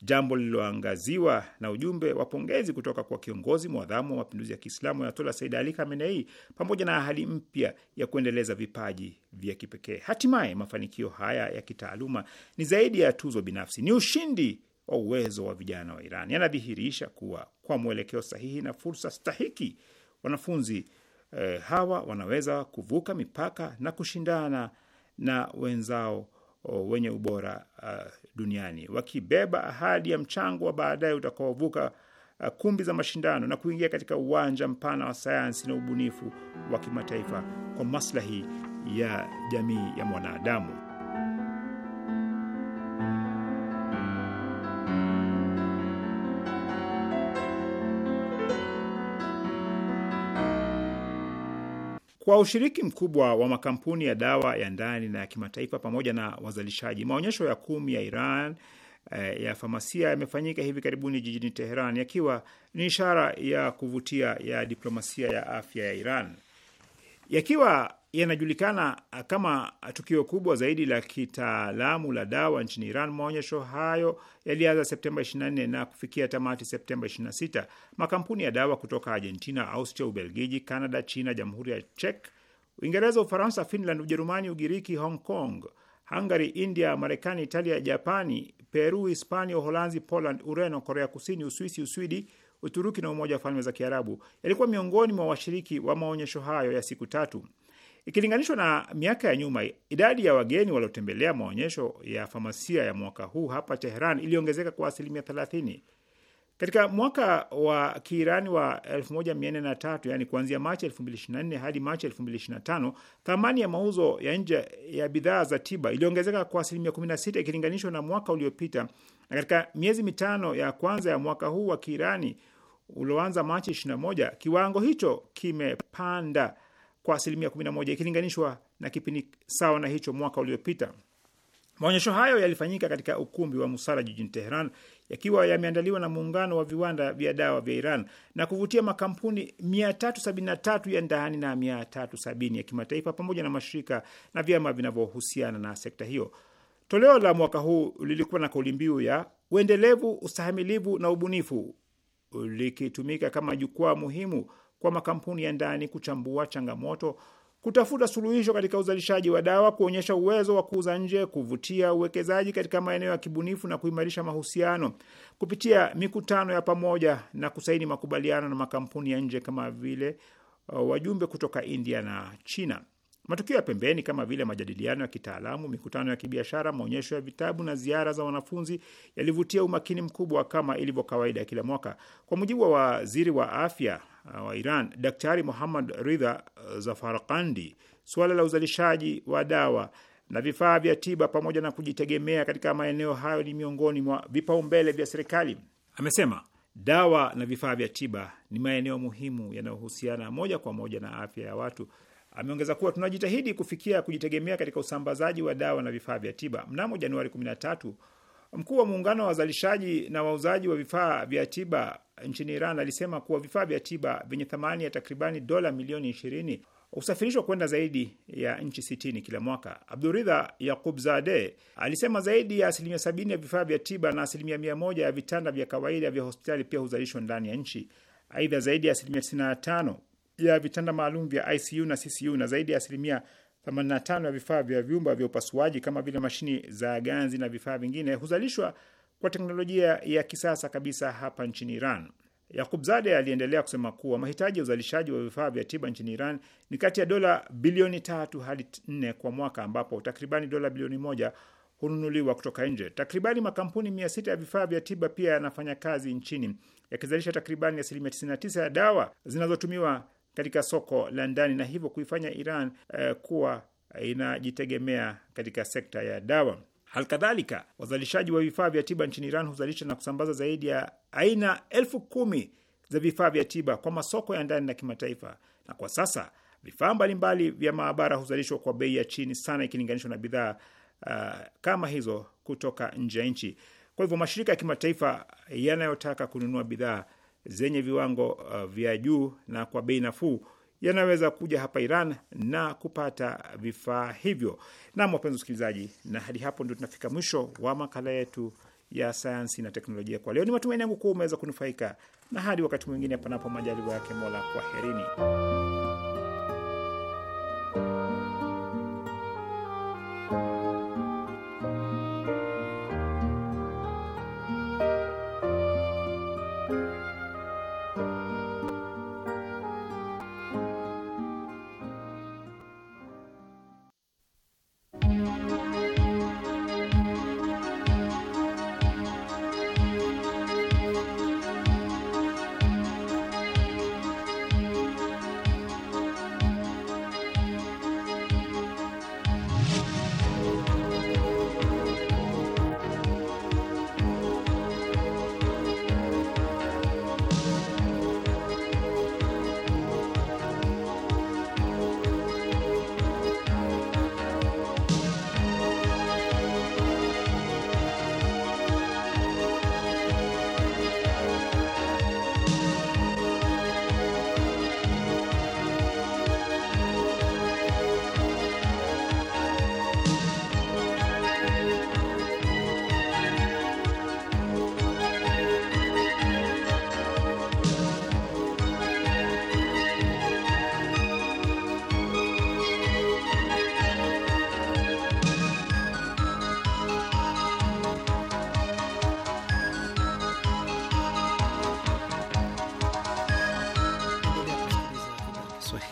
jambo lililoangaziwa na ujumbe wa pongezi kutoka kwa kiongozi mwadhamu wa mapinduzi ya Kiislamu Ayatollah Said Ali Khamenei, pamoja na ahadi mpya ya kuendeleza vipaji vya kipekee. Hatimaye mafanikio haya ya kitaaluma ni zaidi ya tuzo binafsi, ni ushindi wa uwezo wa vijana wa Iran. Yanadhihirisha kuwa kwa mwelekeo sahihi na fursa stahiki, wanafunzi eh, hawa wanaweza kuvuka mipaka na kushindana na wenzao oh, wenye ubora uh, duniani wakibeba ahadi ya mchango wa baadaye utakaovuka uh, kumbi za mashindano na kuingia katika uwanja mpana wa sayansi na ubunifu wa kimataifa kwa maslahi ya jamii ya mwanadamu. Kwa ushiriki mkubwa wa makampuni ya dawa ya ndani na ya kimataifa pamoja na wazalishaji, maonyesho ya kumi ya Iran eh, ya famasia yamefanyika hivi karibuni jijini Teheran, yakiwa ni ishara ya kuvutia ya diplomasia ya afya ya Iran, yakiwa yanajulikana uh, kama uh, tukio kubwa zaidi la kitaalamu la dawa nchini Iran. Maonyesho hayo yalianza Septemba 24 na kufikia tamati Septemba 26. Makampuni ya dawa kutoka Argentina, Austria, Ubelgiji, Canada, China, Jamhuri ya Czech, Uingereza, Ufaransa, Finland, Ujerumani, Ugiriki, Hong Kong, Hungary, India, Marekani, Italia, Japani, Peru, Hispania, Uholanzi, Poland, Ureno, Korea Kusini, Uswisi, Uswidi, Uturuki na Umoja wa Falme za Kiarabu yalikuwa miongoni mwa washiriki wa maonyesho hayo ya siku tatu. Ikilinganishwa na miaka ya nyuma, idadi ya wageni waliotembelea maonyesho ya famasia ya mwaka huu hapa Teheran iliongezeka kwa asilimia 30. Katika mwaka wa Kiirani wa 1403 yani kuanzia Machi 2024 hadi Machi 2025, thamani ya mauzo ya nje ya bidhaa za tiba iliongezeka kwa asilimia 16 ikilinganishwa na mwaka uliopita, na katika miezi mitano ya kwanza ya mwaka huu wa Kiirani ulioanza Machi 21, kiwango hicho kimepanda kwa asilimia 11 ikilinganishwa na kipindi sawa na hicho mwaka uliopita. Maonyesho hayo yalifanyika katika ukumbi wa Musara jijini Teheran, yakiwa yameandaliwa na muungano wa viwanda vya dawa vya Iran na kuvutia makampuni 373 ya ndani na 370 ya kimataifa pamoja na mashirika na vyama vinavyohusiana na sekta hiyo. Toleo la mwaka huu lilikuwa na kauli mbiu ya uendelevu, ustahamilivu na ubunifu, likitumika kama jukwaa muhimu kwa makampuni ya ndani kuchambua changamoto, kutafuta suluhisho katika uzalishaji wa dawa, kuonyesha uwezo wa kuuza nje, kuvutia uwekezaji katika maeneo ya kibunifu na kuimarisha mahusiano kupitia mikutano ya pamoja na kusaini makubaliano na makampuni ya nje kama vile uh, wajumbe kutoka India na China. Matukio ya pembeni kama vile majadiliano ya kitaalamu, mikutano ya kibiashara, maonyesho ya vitabu na ziara za wanafunzi yalivutia umakini mkubwa kama ilivyo kawaida ya kila mwaka. Kwa mujibu wa waziri wa afya Uh, wa Iran, Daktari Muhammad Ridha uh, Zafarkandi, suala la uzalishaji wa dawa na vifaa vya tiba pamoja na kujitegemea katika maeneo hayo ni miongoni mwa vipaumbele vya serikali. Amesema dawa na vifaa vya tiba ni maeneo muhimu yanayohusiana moja kwa moja na afya ya watu. Ameongeza kuwa tunajitahidi kufikia kujitegemea katika usambazaji wa dawa na vifaa vya tiba. Mnamo Januari Mkuu wa muungano wa wazalishaji na wauzaji wa vifaa vya tiba nchini Iran alisema kuwa vifaa vya tiba vyenye thamani ya takribani dola milioni ishirini husafirishwa kwenda zaidi ya nchi sitini kila mwaka. Abduridha yaqub zade alisema zaidi ya asilimia sabini ya vifaa vya tiba na asilimia mia moja ya vitanda vya kawaida vya hospitali pia huzalishwa ndani ya nchi. Aidha, zaidi ya asilimia tisini na tano ya vitanda maalum vya ICU na CCU na zaidi ya asilimia 85 ya vifaa vya vyumba vya upasuaji kama vile mashini za ganzi na vifaa vingine huzalishwa kwa teknolojia ya kisasa kabisa hapa nchini Iran. zade aliendelea kusema kuwa mahitaji ya uzalishaji wa vifaa vya tiba nchini Iran ni kati ya dola bilioni tatu hadi nne kwa mwaka, ambapo takribani dola bilioni moja hununuliwa kutoka nje. Takribani makampuni mia sita ya vifaa vya tiba pia yanafanya kazi nchini yakizalisha takribani asilimia 99 ya dawa zinazotumiwa katika soko la ndani na hivyo kuifanya Iran uh, kuwa inajitegemea katika sekta ya dawa. Halikadhalika, wazalishaji wa vifaa vya tiba nchini Iran huzalisha na kusambaza zaidi ya aina elfu kumi za vifaa vya tiba kwa masoko ya ndani na kimataifa, na kwa sasa vifaa mbalimbali vya maabara huzalishwa kwa bei ya chini sana ikilinganishwa na bidhaa uh, kama hizo kutoka nje ya nchi. Kwa hivyo mashirika ya kimataifa yanayotaka kununua bidhaa zenye viwango uh, vya juu na kwa bei nafuu yanaweza kuja hapa Iran na kupata vifaa hivyo. Nam, wapenzi usikilizaji na hadi hapo ndio tunafika mwisho wa makala yetu ya sayansi na teknolojia kwa leo. Ni matumaini yangu kuwa umeweza kunufaika, na hadi wakati mwingine, panapo majaliwa yake Mola, kwaherini.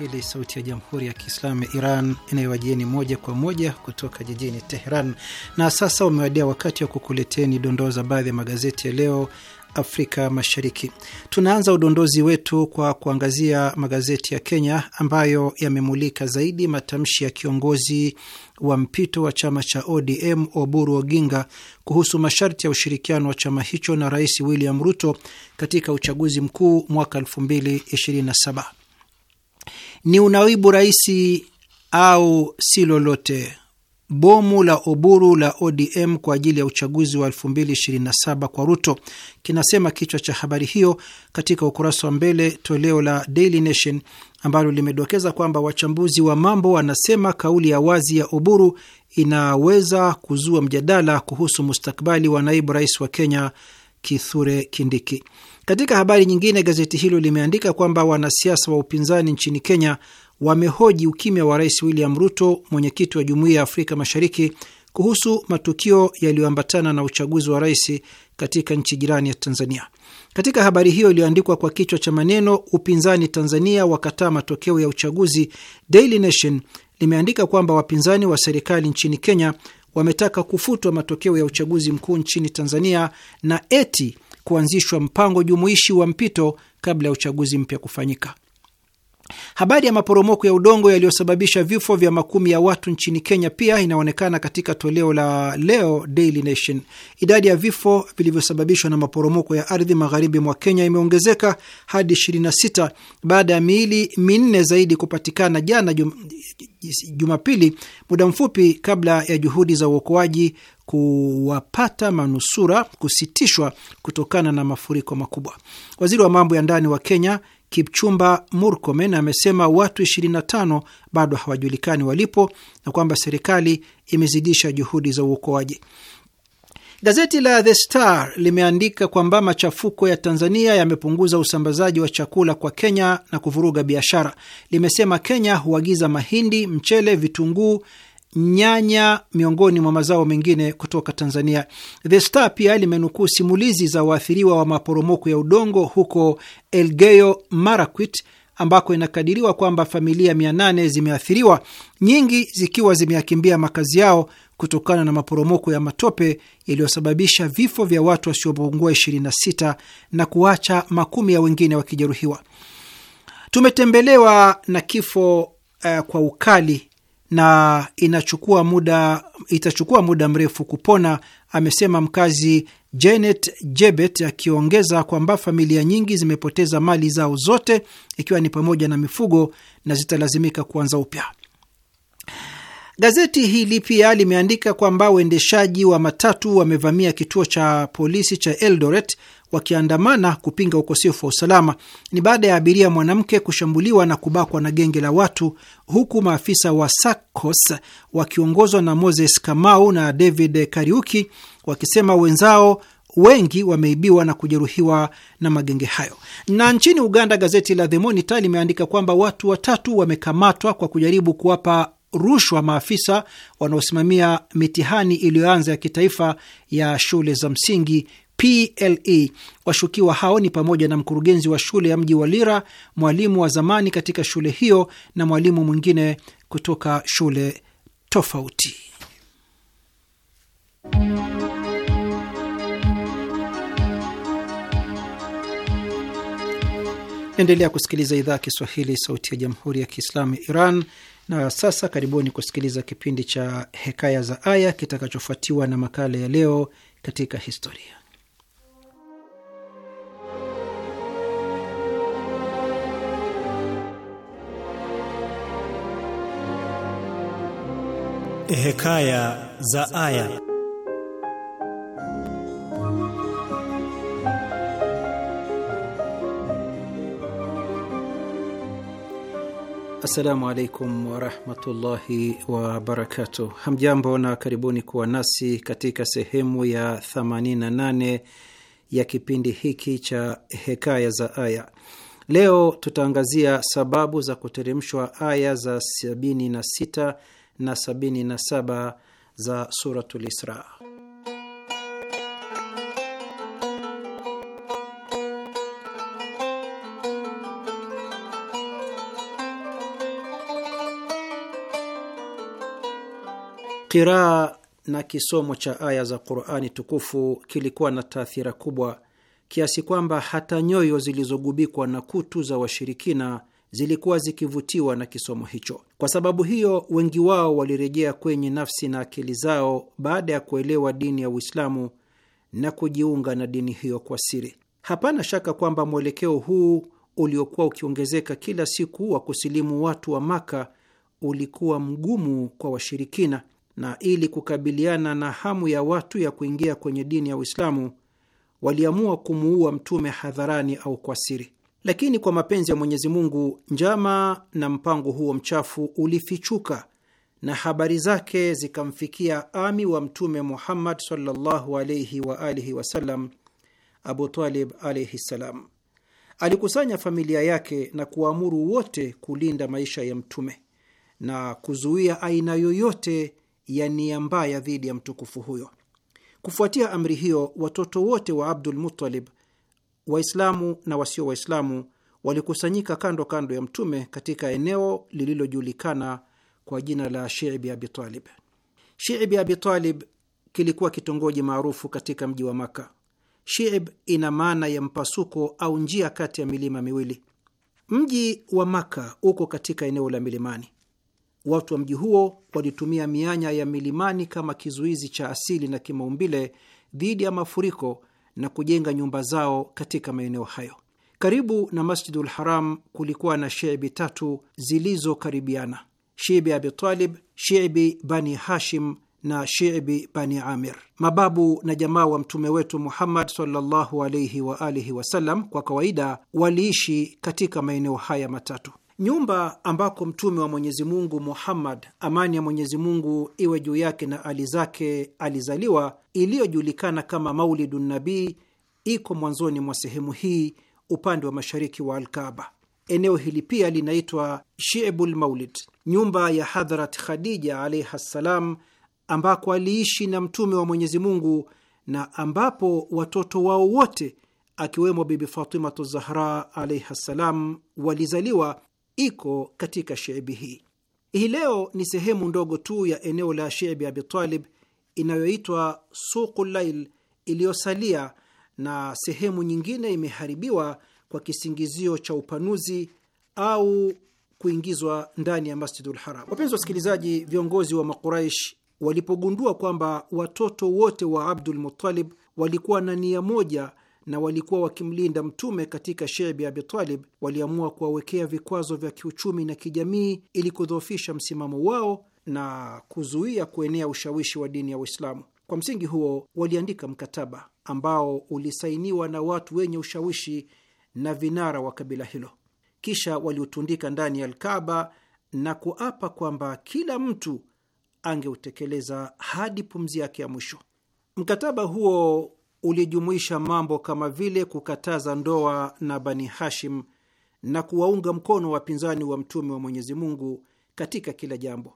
Kiswahili, sauti ya jamhuri ya kiislamu ya Iran inayowajieni moja kwa moja kutoka jijini Teheran. Na sasa umewadia wakati wa kukuleteni dondoo za baadhi ya magazeti ya leo Afrika Mashariki. Tunaanza udondozi wetu kwa kuangazia magazeti ya Kenya ambayo yamemulika zaidi matamshi ya kiongozi wa mpito wa chama cha ODM Oburu Oginga kuhusu masharti ya ushirikiano wa chama hicho na Rais William Ruto katika uchaguzi mkuu mwaka 2027. Ni unaibu rais au si lolote. Bomu la Oburu la ODM kwa ajili ya uchaguzi wa 2027 kwa Ruto, kinasema kichwa cha habari hiyo katika ukurasa wa mbele toleo la Daily Nation ambalo limedokeza kwamba wachambuzi wa mambo wanasema kauli ya wazi ya Oburu inaweza kuzua mjadala kuhusu mustakabali wa naibu rais wa Kenya Kithure Kindiki. Katika habari nyingine, gazeti hilo limeandika kwamba wanasiasa wa upinzani nchini Kenya wamehoji ukimya wa Rais William Ruto, mwenyekiti wa Jumuiya ya Afrika Mashariki, kuhusu matukio yaliyoambatana na uchaguzi wa rais katika nchi jirani ya Tanzania. Katika habari hiyo iliyoandikwa kwa kichwa cha maneno upinzani Tanzania wakataa matokeo ya uchaguzi, Daily Nation limeandika kwamba wapinzani wa serikali nchini Kenya wametaka kufutwa matokeo ya uchaguzi mkuu nchini Tanzania na eti kuanzishwa mpango jumuishi wa mpito kabla ya uchaguzi mpya kufanyika. Habari ya maporomoko ya udongo yaliyosababisha vifo vya makumi ya watu nchini Kenya pia inaonekana katika toleo la leo Daily Nation. Idadi ya vifo vilivyosababishwa na maporomoko ya ardhi magharibi mwa Kenya imeongezeka hadi 26 baada ya miili minne zaidi kupatikana jana jum, Jumapili, muda mfupi kabla ya juhudi za uokoaji kuwapata manusura kusitishwa kutokana na mafuriko makubwa. Waziri wa mambo ya ndani wa Kenya Kipchumba Murkomen amesema watu 25 bado hawajulikani walipo na kwamba serikali imezidisha juhudi za uokoaji. Gazeti la The Star limeandika kwamba machafuko ya Tanzania yamepunguza usambazaji wa chakula kwa Kenya na kuvuruga biashara. Limesema Kenya huagiza mahindi, mchele, vitunguu nyanya miongoni mwa mazao mengine kutoka Tanzania. The Star pia limenukuu simulizi za waathiriwa wa maporomoko ya udongo huko Elgeyo Marakwet ambako inakadiriwa kwamba familia 800 zimeathiriwa, nyingi zikiwa zimeyakimbia makazi yao kutokana na maporomoko ya matope yaliyosababisha vifo vya watu wasiopungua 26 na kuacha makumi ya wengine wakijeruhiwa. Tumetembelewa na kifo uh, kwa ukali na inachukua muda, itachukua muda mrefu kupona, amesema mkazi Janet Jebet, akiongeza kwamba familia nyingi zimepoteza mali zao zote, ikiwa ni pamoja na mifugo na zitalazimika kuanza upya. Gazeti hili pia limeandika kwamba waendeshaji wa matatu wamevamia kituo cha polisi cha Eldoret wakiandamana kupinga ukosefu wa usalama. Ni baada ya abiria mwanamke kushambuliwa na kubakwa na genge la watu, huku maafisa wa SACCOS wakiongozwa na Moses Kamau na David Kariuki wakisema wenzao wengi wameibiwa na kujeruhiwa na magenge hayo. Na nchini Uganda, gazeti la The Monitor limeandika kwamba watu watatu wamekamatwa kwa kujaribu kuwapa rushwa maafisa wanaosimamia mitihani iliyoanza ya kitaifa ya shule za msingi PLE. Washukiwa hao ni pamoja na mkurugenzi wa shule ya mji wa Lira, mwalimu wa zamani katika shule hiyo na mwalimu mwingine kutoka shule tofauti. Naendelea kusikiliza idhaa ya Kiswahili, sauti ya jamhuri ya kiislamu ya Iran. Na sasa karibuni kusikiliza kipindi cha Hekaya za Aya kitakachofuatiwa na makala ya Leo katika Historia. Eh, Hekaya za Aya. Assalamu alaikum warahmatullahi wabarakatuh. Hamjambo na karibuni kuwa nasi katika sehemu ya 88 ya kipindi hiki cha Hekaya za Aya. Leo tutaangazia sababu za kuteremshwa aya za 76 na 77 za Suratul Isra. Qiraa na kisomo cha aya za Qurani tukufu kilikuwa na taathira kubwa kiasi kwamba hata nyoyo zilizogubikwa na kutu za washirikina zilikuwa zikivutiwa na kisomo hicho. Kwa sababu hiyo, wengi wao walirejea kwenye nafsi na akili zao baada ya kuelewa dini ya Uislamu na kujiunga na dini hiyo kwa siri. Hapana shaka kwamba mwelekeo huu uliokuwa ukiongezeka kila siku wa kusilimu watu wa Maka ulikuwa mgumu kwa washirikina, na ili kukabiliana na hamu ya watu ya kuingia kwenye dini ya Uislamu, waliamua kumuua mtume hadharani au kwa siri. Lakini kwa mapenzi ya Mwenyezi Mungu, njama na mpango huo mchafu ulifichuka na habari zake zikamfikia ami wa Mtume Muhammad sallallahu alaihi wa alihi wasallam, Abu Talib alaihi ssalam. Alikusanya familia yake na kuwaamuru wote kulinda maisha ya Mtume na kuzuia aina yoyote ya nia mbaya dhidi ya mtukufu huyo. Kufuatia amri hiyo, watoto wote wa Abdul Muttalib Waislamu na wasio Waislamu walikusanyika kando kando ya Mtume katika eneo lililojulikana kwa jina la Shiibi Abitalib. Shiibi Abitalib kilikuwa kitongoji maarufu katika mji wa Maka. Shiib ina maana ya mpasuko au njia kati ya milima miwili. Mji wa Maka uko katika eneo la milimani. Watu wa mji huo walitumia mianya ya milimani kama kizuizi cha asili na kimaumbile dhidi ya mafuriko na kujenga nyumba zao katika maeneo hayo. Karibu na Masjidul Haram kulikuwa na shibi tatu zilizokaribiana: shibi Abi Talib, shibi Bani Hashim na shibi Bani Amir. Mababu na jamaa wa mtume wetu Muhammad sallallahu alaihi wa alihi wasallam kwa kawaida waliishi katika maeneo haya matatu. Nyumba ambako mtume wa Mwenyezi Mungu Muhammad, amani ya Mwenyezi Mungu iwe juu yake na ali zake, alizaliwa, iliyojulikana kama Maulidu Nabii, iko mwanzoni mwa sehemu hii upande wa mashariki wa Alkaba. Eneo hili pia linaitwa Shibul Maulid, nyumba ya Hadhrat Khadija alaihi ssalam, ambako aliishi na mtume wa Mwenyezi Mungu na ambapo watoto wao wote akiwemo Bibi Fatimatu Zahra alaihi ssalam walizaliwa iko katika shebi hii. Hii leo ni sehemu ndogo tu ya eneo la shebi Abitalib inayoitwa Suqu Lail iliyosalia, na sehemu nyingine imeharibiwa kwa kisingizio cha upanuzi au kuingizwa ndani ya Masjidul Haram. Wapenzi wasikilizaji, viongozi wa Makuraish walipogundua kwamba watoto wote wa Abdul Muttalib walikuwa na nia moja na walikuwa wakimlinda Mtume katika Shebi Abitalib, waliamua kuwawekea vikwazo vya kiuchumi na kijamii ili kudhoofisha msimamo wao na kuzuia kuenea ushawishi wa dini ya Uislamu. Kwa msingi huo, waliandika mkataba ambao ulisainiwa na watu wenye ushawishi na vinara wa kabila hilo, kisha waliutundika ndani ya Alkaba na kuapa kwamba kila mtu angeutekeleza hadi pumzi yake ya mwisho. Mkataba huo ulijumuisha mambo kama vile kukataza ndoa na Bani Hashim na kuwaunga mkono wapinzani wa mtume wa Mwenyezi Mungu katika kila jambo.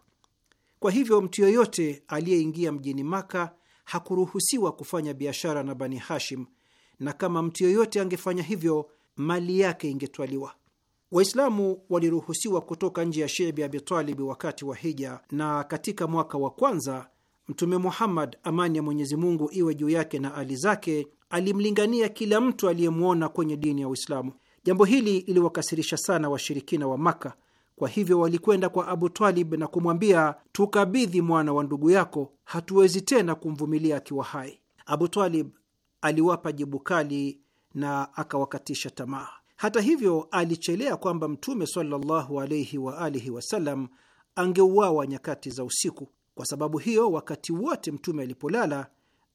Kwa hivyo mtu yoyote aliyeingia mjini Maka hakuruhusiwa kufanya biashara na Bani Hashim, na kama mtu yoyote angefanya hivyo mali yake ingetwaliwa. Waislamu waliruhusiwa kutoka nje ya Shebi Abitalibi wakati wa hija, na katika mwaka wa kwanza Mtume Muhammad, amani ya Mwenyezi Mungu iwe juu yake na ali zake, alimlingania kila mtu aliyemwona kwenye dini ya Uislamu. Jambo hili liliwakasirisha sana washirikina wa makka Kwa hivyo walikwenda kwa Abu Talib na kumwambia, tukabidhi mwana wa ndugu yako, hatuwezi tena kumvumilia akiwa hai. Abu Talib aliwapa jibu kali na akawakatisha tamaa. Hata hivyo, alichelea kwamba Mtume sallallahu alaihi waalihi wasallam angeuawa nyakati za usiku. Kwa sababu hiyo, wakati wote mtume alipolala,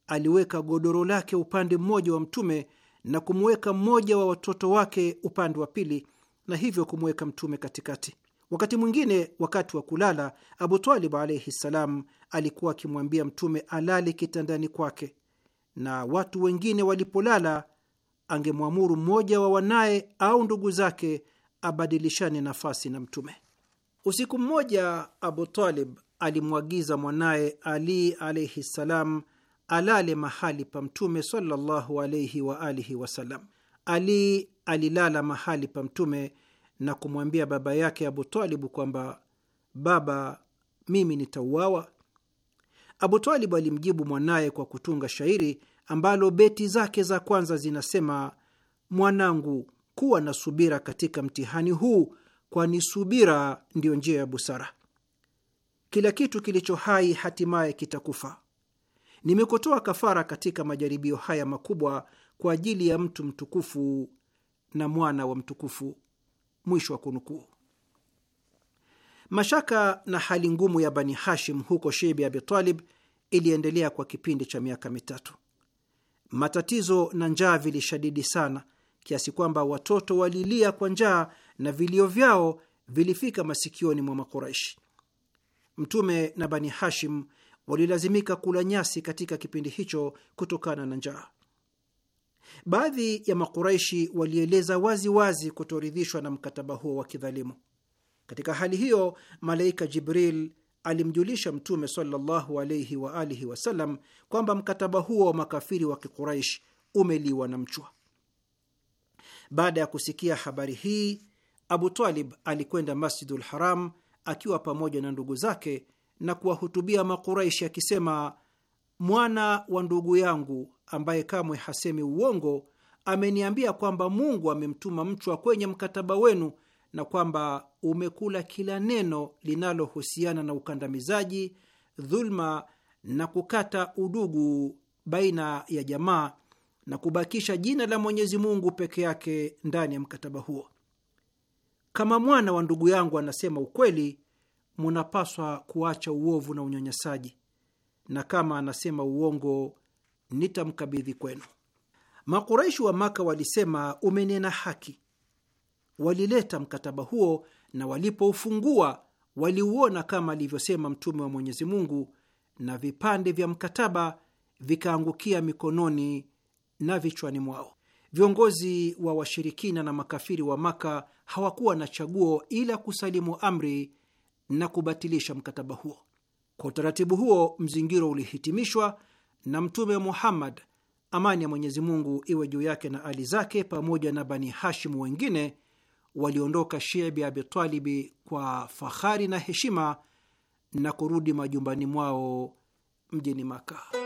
aliweka godoro lake upande mmoja wa mtume na kumweka mmoja wa watoto wake upande wa pili, na hivyo kumweka mtume katikati. Wakati mwingine, wakati wa kulala, Abu Talib alaihi ssalam alikuwa akimwambia mtume alale kitandani kwake, na watu wengine walipolala, angemwamuru mmoja wa wanaye au ndugu zake abadilishane nafasi na mtume. Usiku mmoja Abu Talib alimwagiza mwanaye Ali alaihi ssalam alale mahali pa Mtume sallallahu alaihi alihi wasalam. Ali alilala mahali pa Mtume na kumwambia baba yake Abutalibu kwamba baba, mimi nitauawa? Abutalibu alimjibu mwanaye kwa kutunga shairi ambalo beti zake za kwanza zinasema: mwanangu, kuwa na subira katika mtihani huu, kwani subira ndiyo njia ya busara kila kitu kilicho hai hatimaye kitakufa. Nimekutoa kafara katika majaribio haya makubwa kwa ajili ya mtu mtukufu na mwana wa mtukufu. Mwisho wa kunukuu. Mashaka na hali ngumu ya Bani Hashim huko Sheibi Abitalib iliendelea kwa kipindi cha miaka mitatu. Matatizo na njaa vilishadidi sana kiasi kwamba watoto walilia kwa njaa na vilio vyao vilifika masikioni mwa Makuraishi. Mtume na Bani Hashim walilazimika kula nyasi katika kipindi hicho kutokana na njaa. Baadhi ya Makuraishi walieleza wazi wazi kutoridhishwa na mkataba huo wa kidhalimu. Katika hali hiyo, malaika Jibril alimjulisha Mtume sallallahu alaihi wa alihi wasallam kwamba mkataba huo wa makafiri wa Kikuraish umeliwa na mchwa. Baada ya kusikia habari hii, Abu Talib alikwenda Masjidul Haram akiwa pamoja na ndugu zake na kuwahutubia Makuraishi akisema, mwana wa ndugu yangu ambaye kamwe hasemi uongo ameniambia kwamba Mungu amemtuma mchwa kwenye mkataba wenu na kwamba umekula kila neno linalohusiana na ukandamizaji, dhulma na kukata udugu baina ya jamaa na kubakisha jina la Mwenyezi Mungu peke yake ndani ya mkataba huo. Kama mwana wa ndugu yangu anasema ukweli, munapaswa kuacha uovu na unyanyasaji, na kama anasema uongo, nitamkabidhi kwenu. Makuraishi wa Maka walisema, umenena haki. Walileta mkataba huo na walipoufungua waliuona kama alivyosema Mtume wa Mwenyezi Mungu, na vipande vya mkataba vikaangukia mikononi na vichwani mwao. Viongozi wa washirikina na makafiri wa Maka hawakuwa na chaguo ila kusalimu amri na kubatilisha mkataba huo. Kwa utaratibu huo, mzingiro ulihitimishwa na Mtume Muhammad, amani ya Mwenyezi Mungu iwe juu yake na ali zake, pamoja na Bani Hashimu wengine waliondoka Shiibi ya Abitalibi kwa fahari na heshima na kurudi majumbani mwao mjini Maka.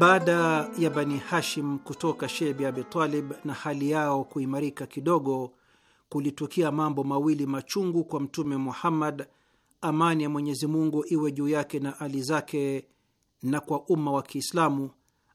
Baada ya Bani Hashim kutoka Shebi Abitalib na hali yao kuimarika kidogo, kulitukia mambo mawili machungu kwa Mtume Muhammad, amani ya Mwenyezi Mungu iwe juu yake na ali zake, na kwa umma wa Kiislamu,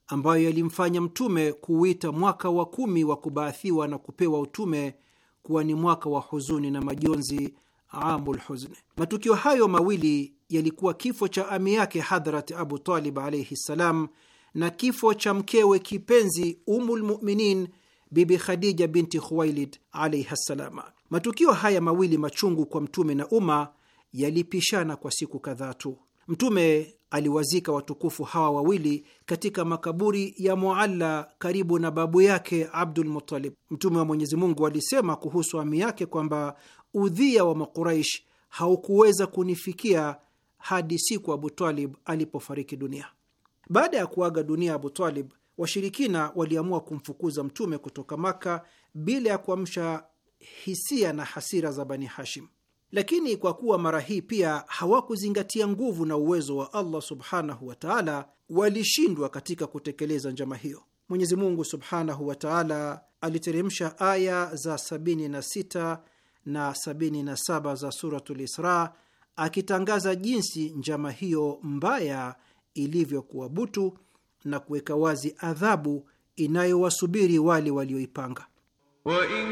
ambayo yalimfanya Mtume kuuita mwaka wa kumi wa kubaathiwa na kupewa utume kuwa ni mwaka wa huzuni na majonzi, amul huzni. Matukio hayo mawili yalikuwa kifo cha ami yake Hadhrat Abu Talib alaihi ssalam na kifo cha mkewe kipenzi Umulmuminin Bibi Khadija binti Khuwailid alaiha ssalama. Matukio haya mawili machungu kwa Mtume na umma yalipishana kwa siku kadhaa tu. Mtume aliwazika watukufu hawa wawili katika makaburi ya Mualla karibu na babu yake Abdul Mtume wa Mwenyezi Mungu alisema kuhusu ami yake kwamba udhia wa Makuraish haukuweza kunifikia hadi siku Abu Talib alipofariki dunia. Baada ya kuaga dunia Abu Talib, washirikina waliamua kumfukuza Mtume kutoka Maka bila ya kuamsha hisia na hasira za Bani Hashim, lakini kwa kuwa mara hii pia hawakuzingatia nguvu na uwezo wa Allah subhanahu wataala, walishindwa katika kutekeleza njama hiyo. Mwenyezi Mungu subhanahu wataala aliteremsha aya za 76 na 77 za Suratul Isra akitangaza jinsi njama hiyo mbaya ilivyokuwa butu na kuweka wazi adhabu inayowasubiri wale walioipanga. wa in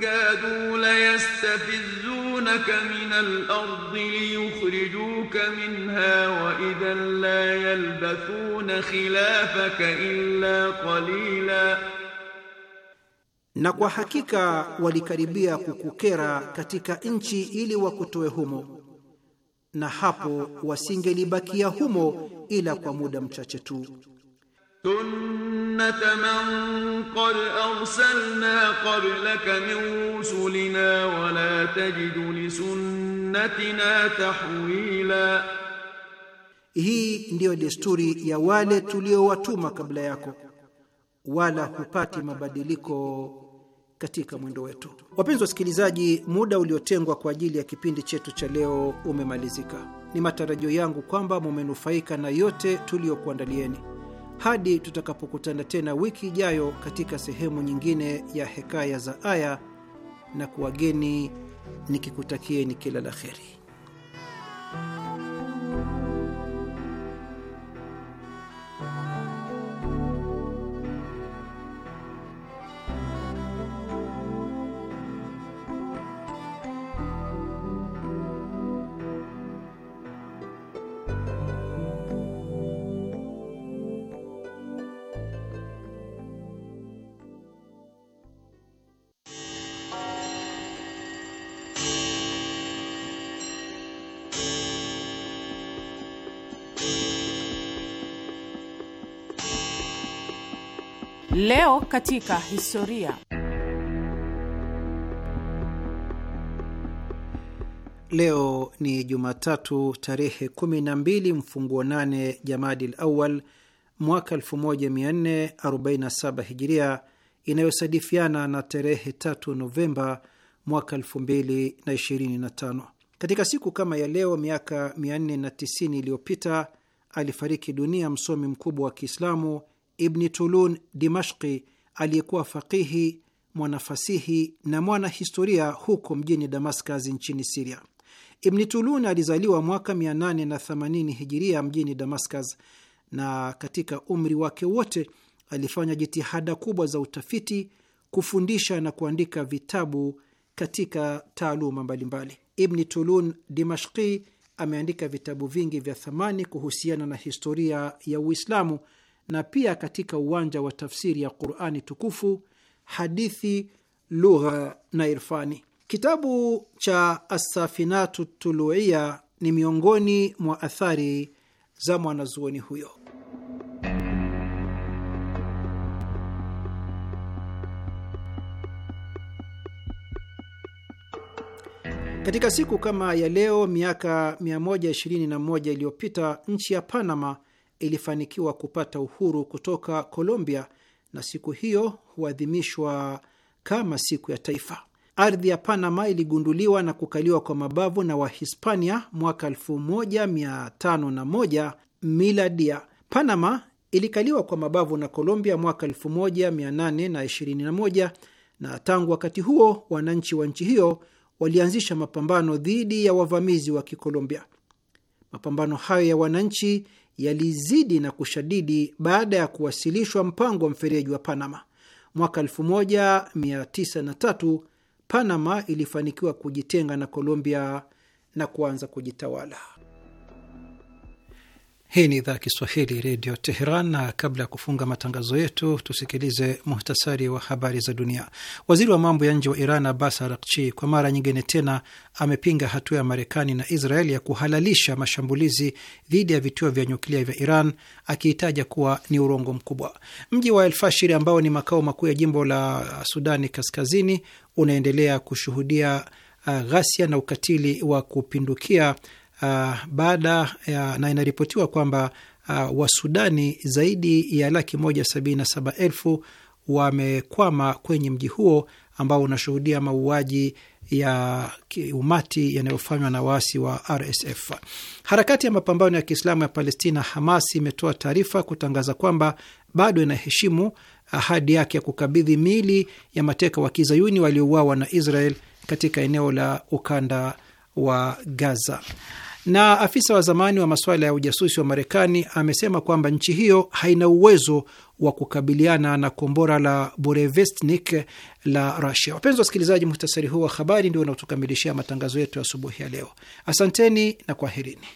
kadu layastafizunaka min al-ardi liyukhrijuka minha wa idhan la yalbathuna khilafaka illa qalila, na kwa hakika walikaribia kukukera katika nchi ili wakutoe humo na hapo wasingelibakia humo ila kwa muda mchache tu. sunnata man qad arsalna qablaka min rusulina wala tajidu lisunnatina tahwila, hii ndiyo desturi ya wale tuliowatuma kabla yako, wala hupati mabadiliko katika mwendo wetu. Wapenzi wasikilizaji, muda uliotengwa kwa ajili ya kipindi chetu cha leo umemalizika. Ni matarajio yangu kwamba mumenufaika na yote tuliyokuandalieni. Hadi tutakapokutana tena wiki ijayo katika sehemu nyingine ya Hekaya za Aya, na kuwageni nikikutakieni kila la heri. Leo katika historia. Leo ni Jumatatu tarehe 12 mfunguo 8 Jamadil Awal mwaka 1447 Hijiria, inayosadifiana na tarehe 3 Novemba mwaka 2025. Katika siku kama ya leo miaka 490 iliyopita alifariki dunia msomi mkubwa wa Kiislamu Ibni Tulun Dimashqi, aliyekuwa faqihi, mwanafasihi na mwana historia huko mjini Damascus nchini Siria. Ibni Tulun alizaliwa mwaka 880 hijiria mjini Damascus, na katika umri wake wote alifanya jitihada kubwa za utafiti, kufundisha na kuandika vitabu katika taaluma mbalimbali. Ibni Tulun Dimashqi ameandika vitabu vingi vya thamani kuhusiana na historia ya Uislamu na pia katika uwanja wa tafsiri ya Qurani tukufu, hadithi, lugha na irfani. Kitabu cha Assafinatu Tuluia ni miongoni mwa athari za mwanazuoni huyo. Katika siku kama ya leo miaka 121 iliyopita nchi ya Panama ilifanikiwa kupata uhuru kutoka Colombia na siku hiyo huadhimishwa kama siku ya taifa. Ardhi ya Panama iligunduliwa na kukaliwa kwa mabavu na Wahispania mwaka 1501 miladia. Panama ilikaliwa kwa mabavu na Colombia mwaka 1821 na tangu wakati huo wananchi wa nchi hiyo walianzisha mapambano dhidi ya wavamizi wa Kikolombia. Mapambano hayo ya wananchi yalizidi na kushadidi baada ya kuwasilishwa mpango wa mfereji wa Panama. Mwaka 1903 Panama ilifanikiwa kujitenga na Colombia na kuanza kujitawala. Hii ni idhaa Kiswahili, Redio Teheran. Na kabla ya kufunga matangazo yetu, tusikilize muhtasari wa habari za dunia. Waziri wa mambo ya nje wa Iran, Abbas Arakchi, kwa mara nyingine tena amepinga hatua ya Marekani na israel ya kuhalalisha mashambulizi dhidi ya vituo vya nyuklia vya Iran, akiitaja kuwa ni urongo mkubwa. Mji wa Elfashiri, ambao ni makao makuu ya jimbo la Sudani Kaskazini, unaendelea kushuhudia uh, ghasia na ukatili wa kupindukia uh, baada uh, na inaripotiwa kwamba uh, Wasudani zaidi ya laki moja sabini na saba elfu wamekwama kwenye mji huo ambao unashuhudia mauaji ya umati yanayofanywa na waasi wa RSF. Harakati ya mapambano ya Kiislamu ya Palestina, Hamas, imetoa taarifa kutangaza kwamba bado inaheshimu ahadi yake ya kukabidhi miili ya mateka wa kizayuni waliouawa na Israel katika eneo la ukanda wa Gaza. Na afisa wa zamani wa masuala ya ujasusi wa Marekani amesema kwamba nchi hiyo haina uwezo wa kukabiliana na kombora la Burevestnik la Rasia. Wapenzi wasikilizaji, muhtasari huu wa habari ndio unaotukamilishia matangazo yetu ya asubuhi ya leo. Asanteni na kwaherini.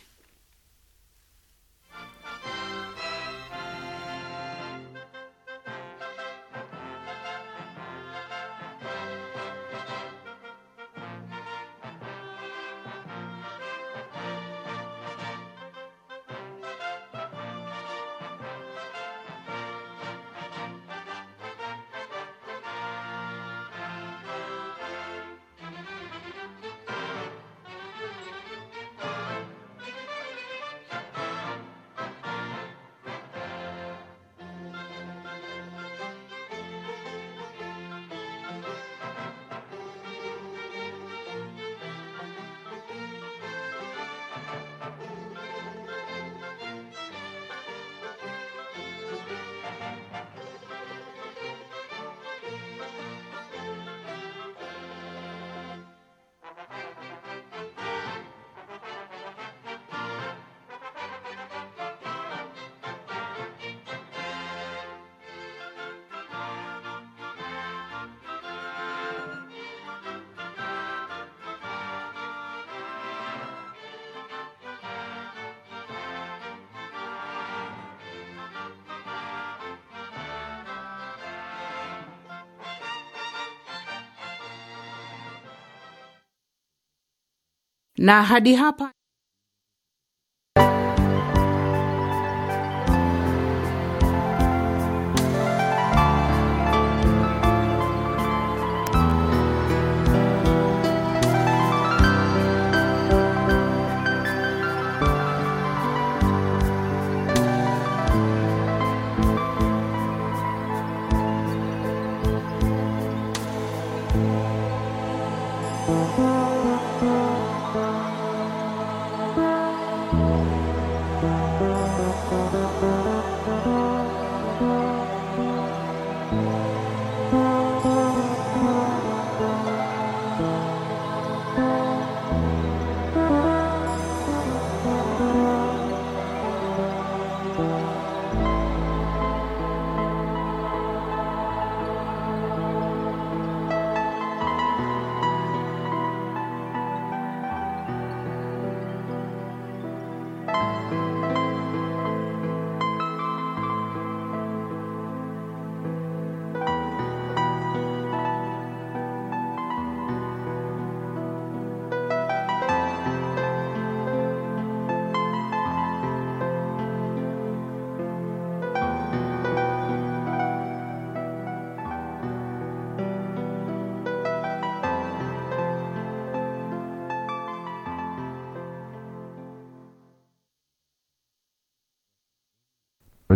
na hadi hapa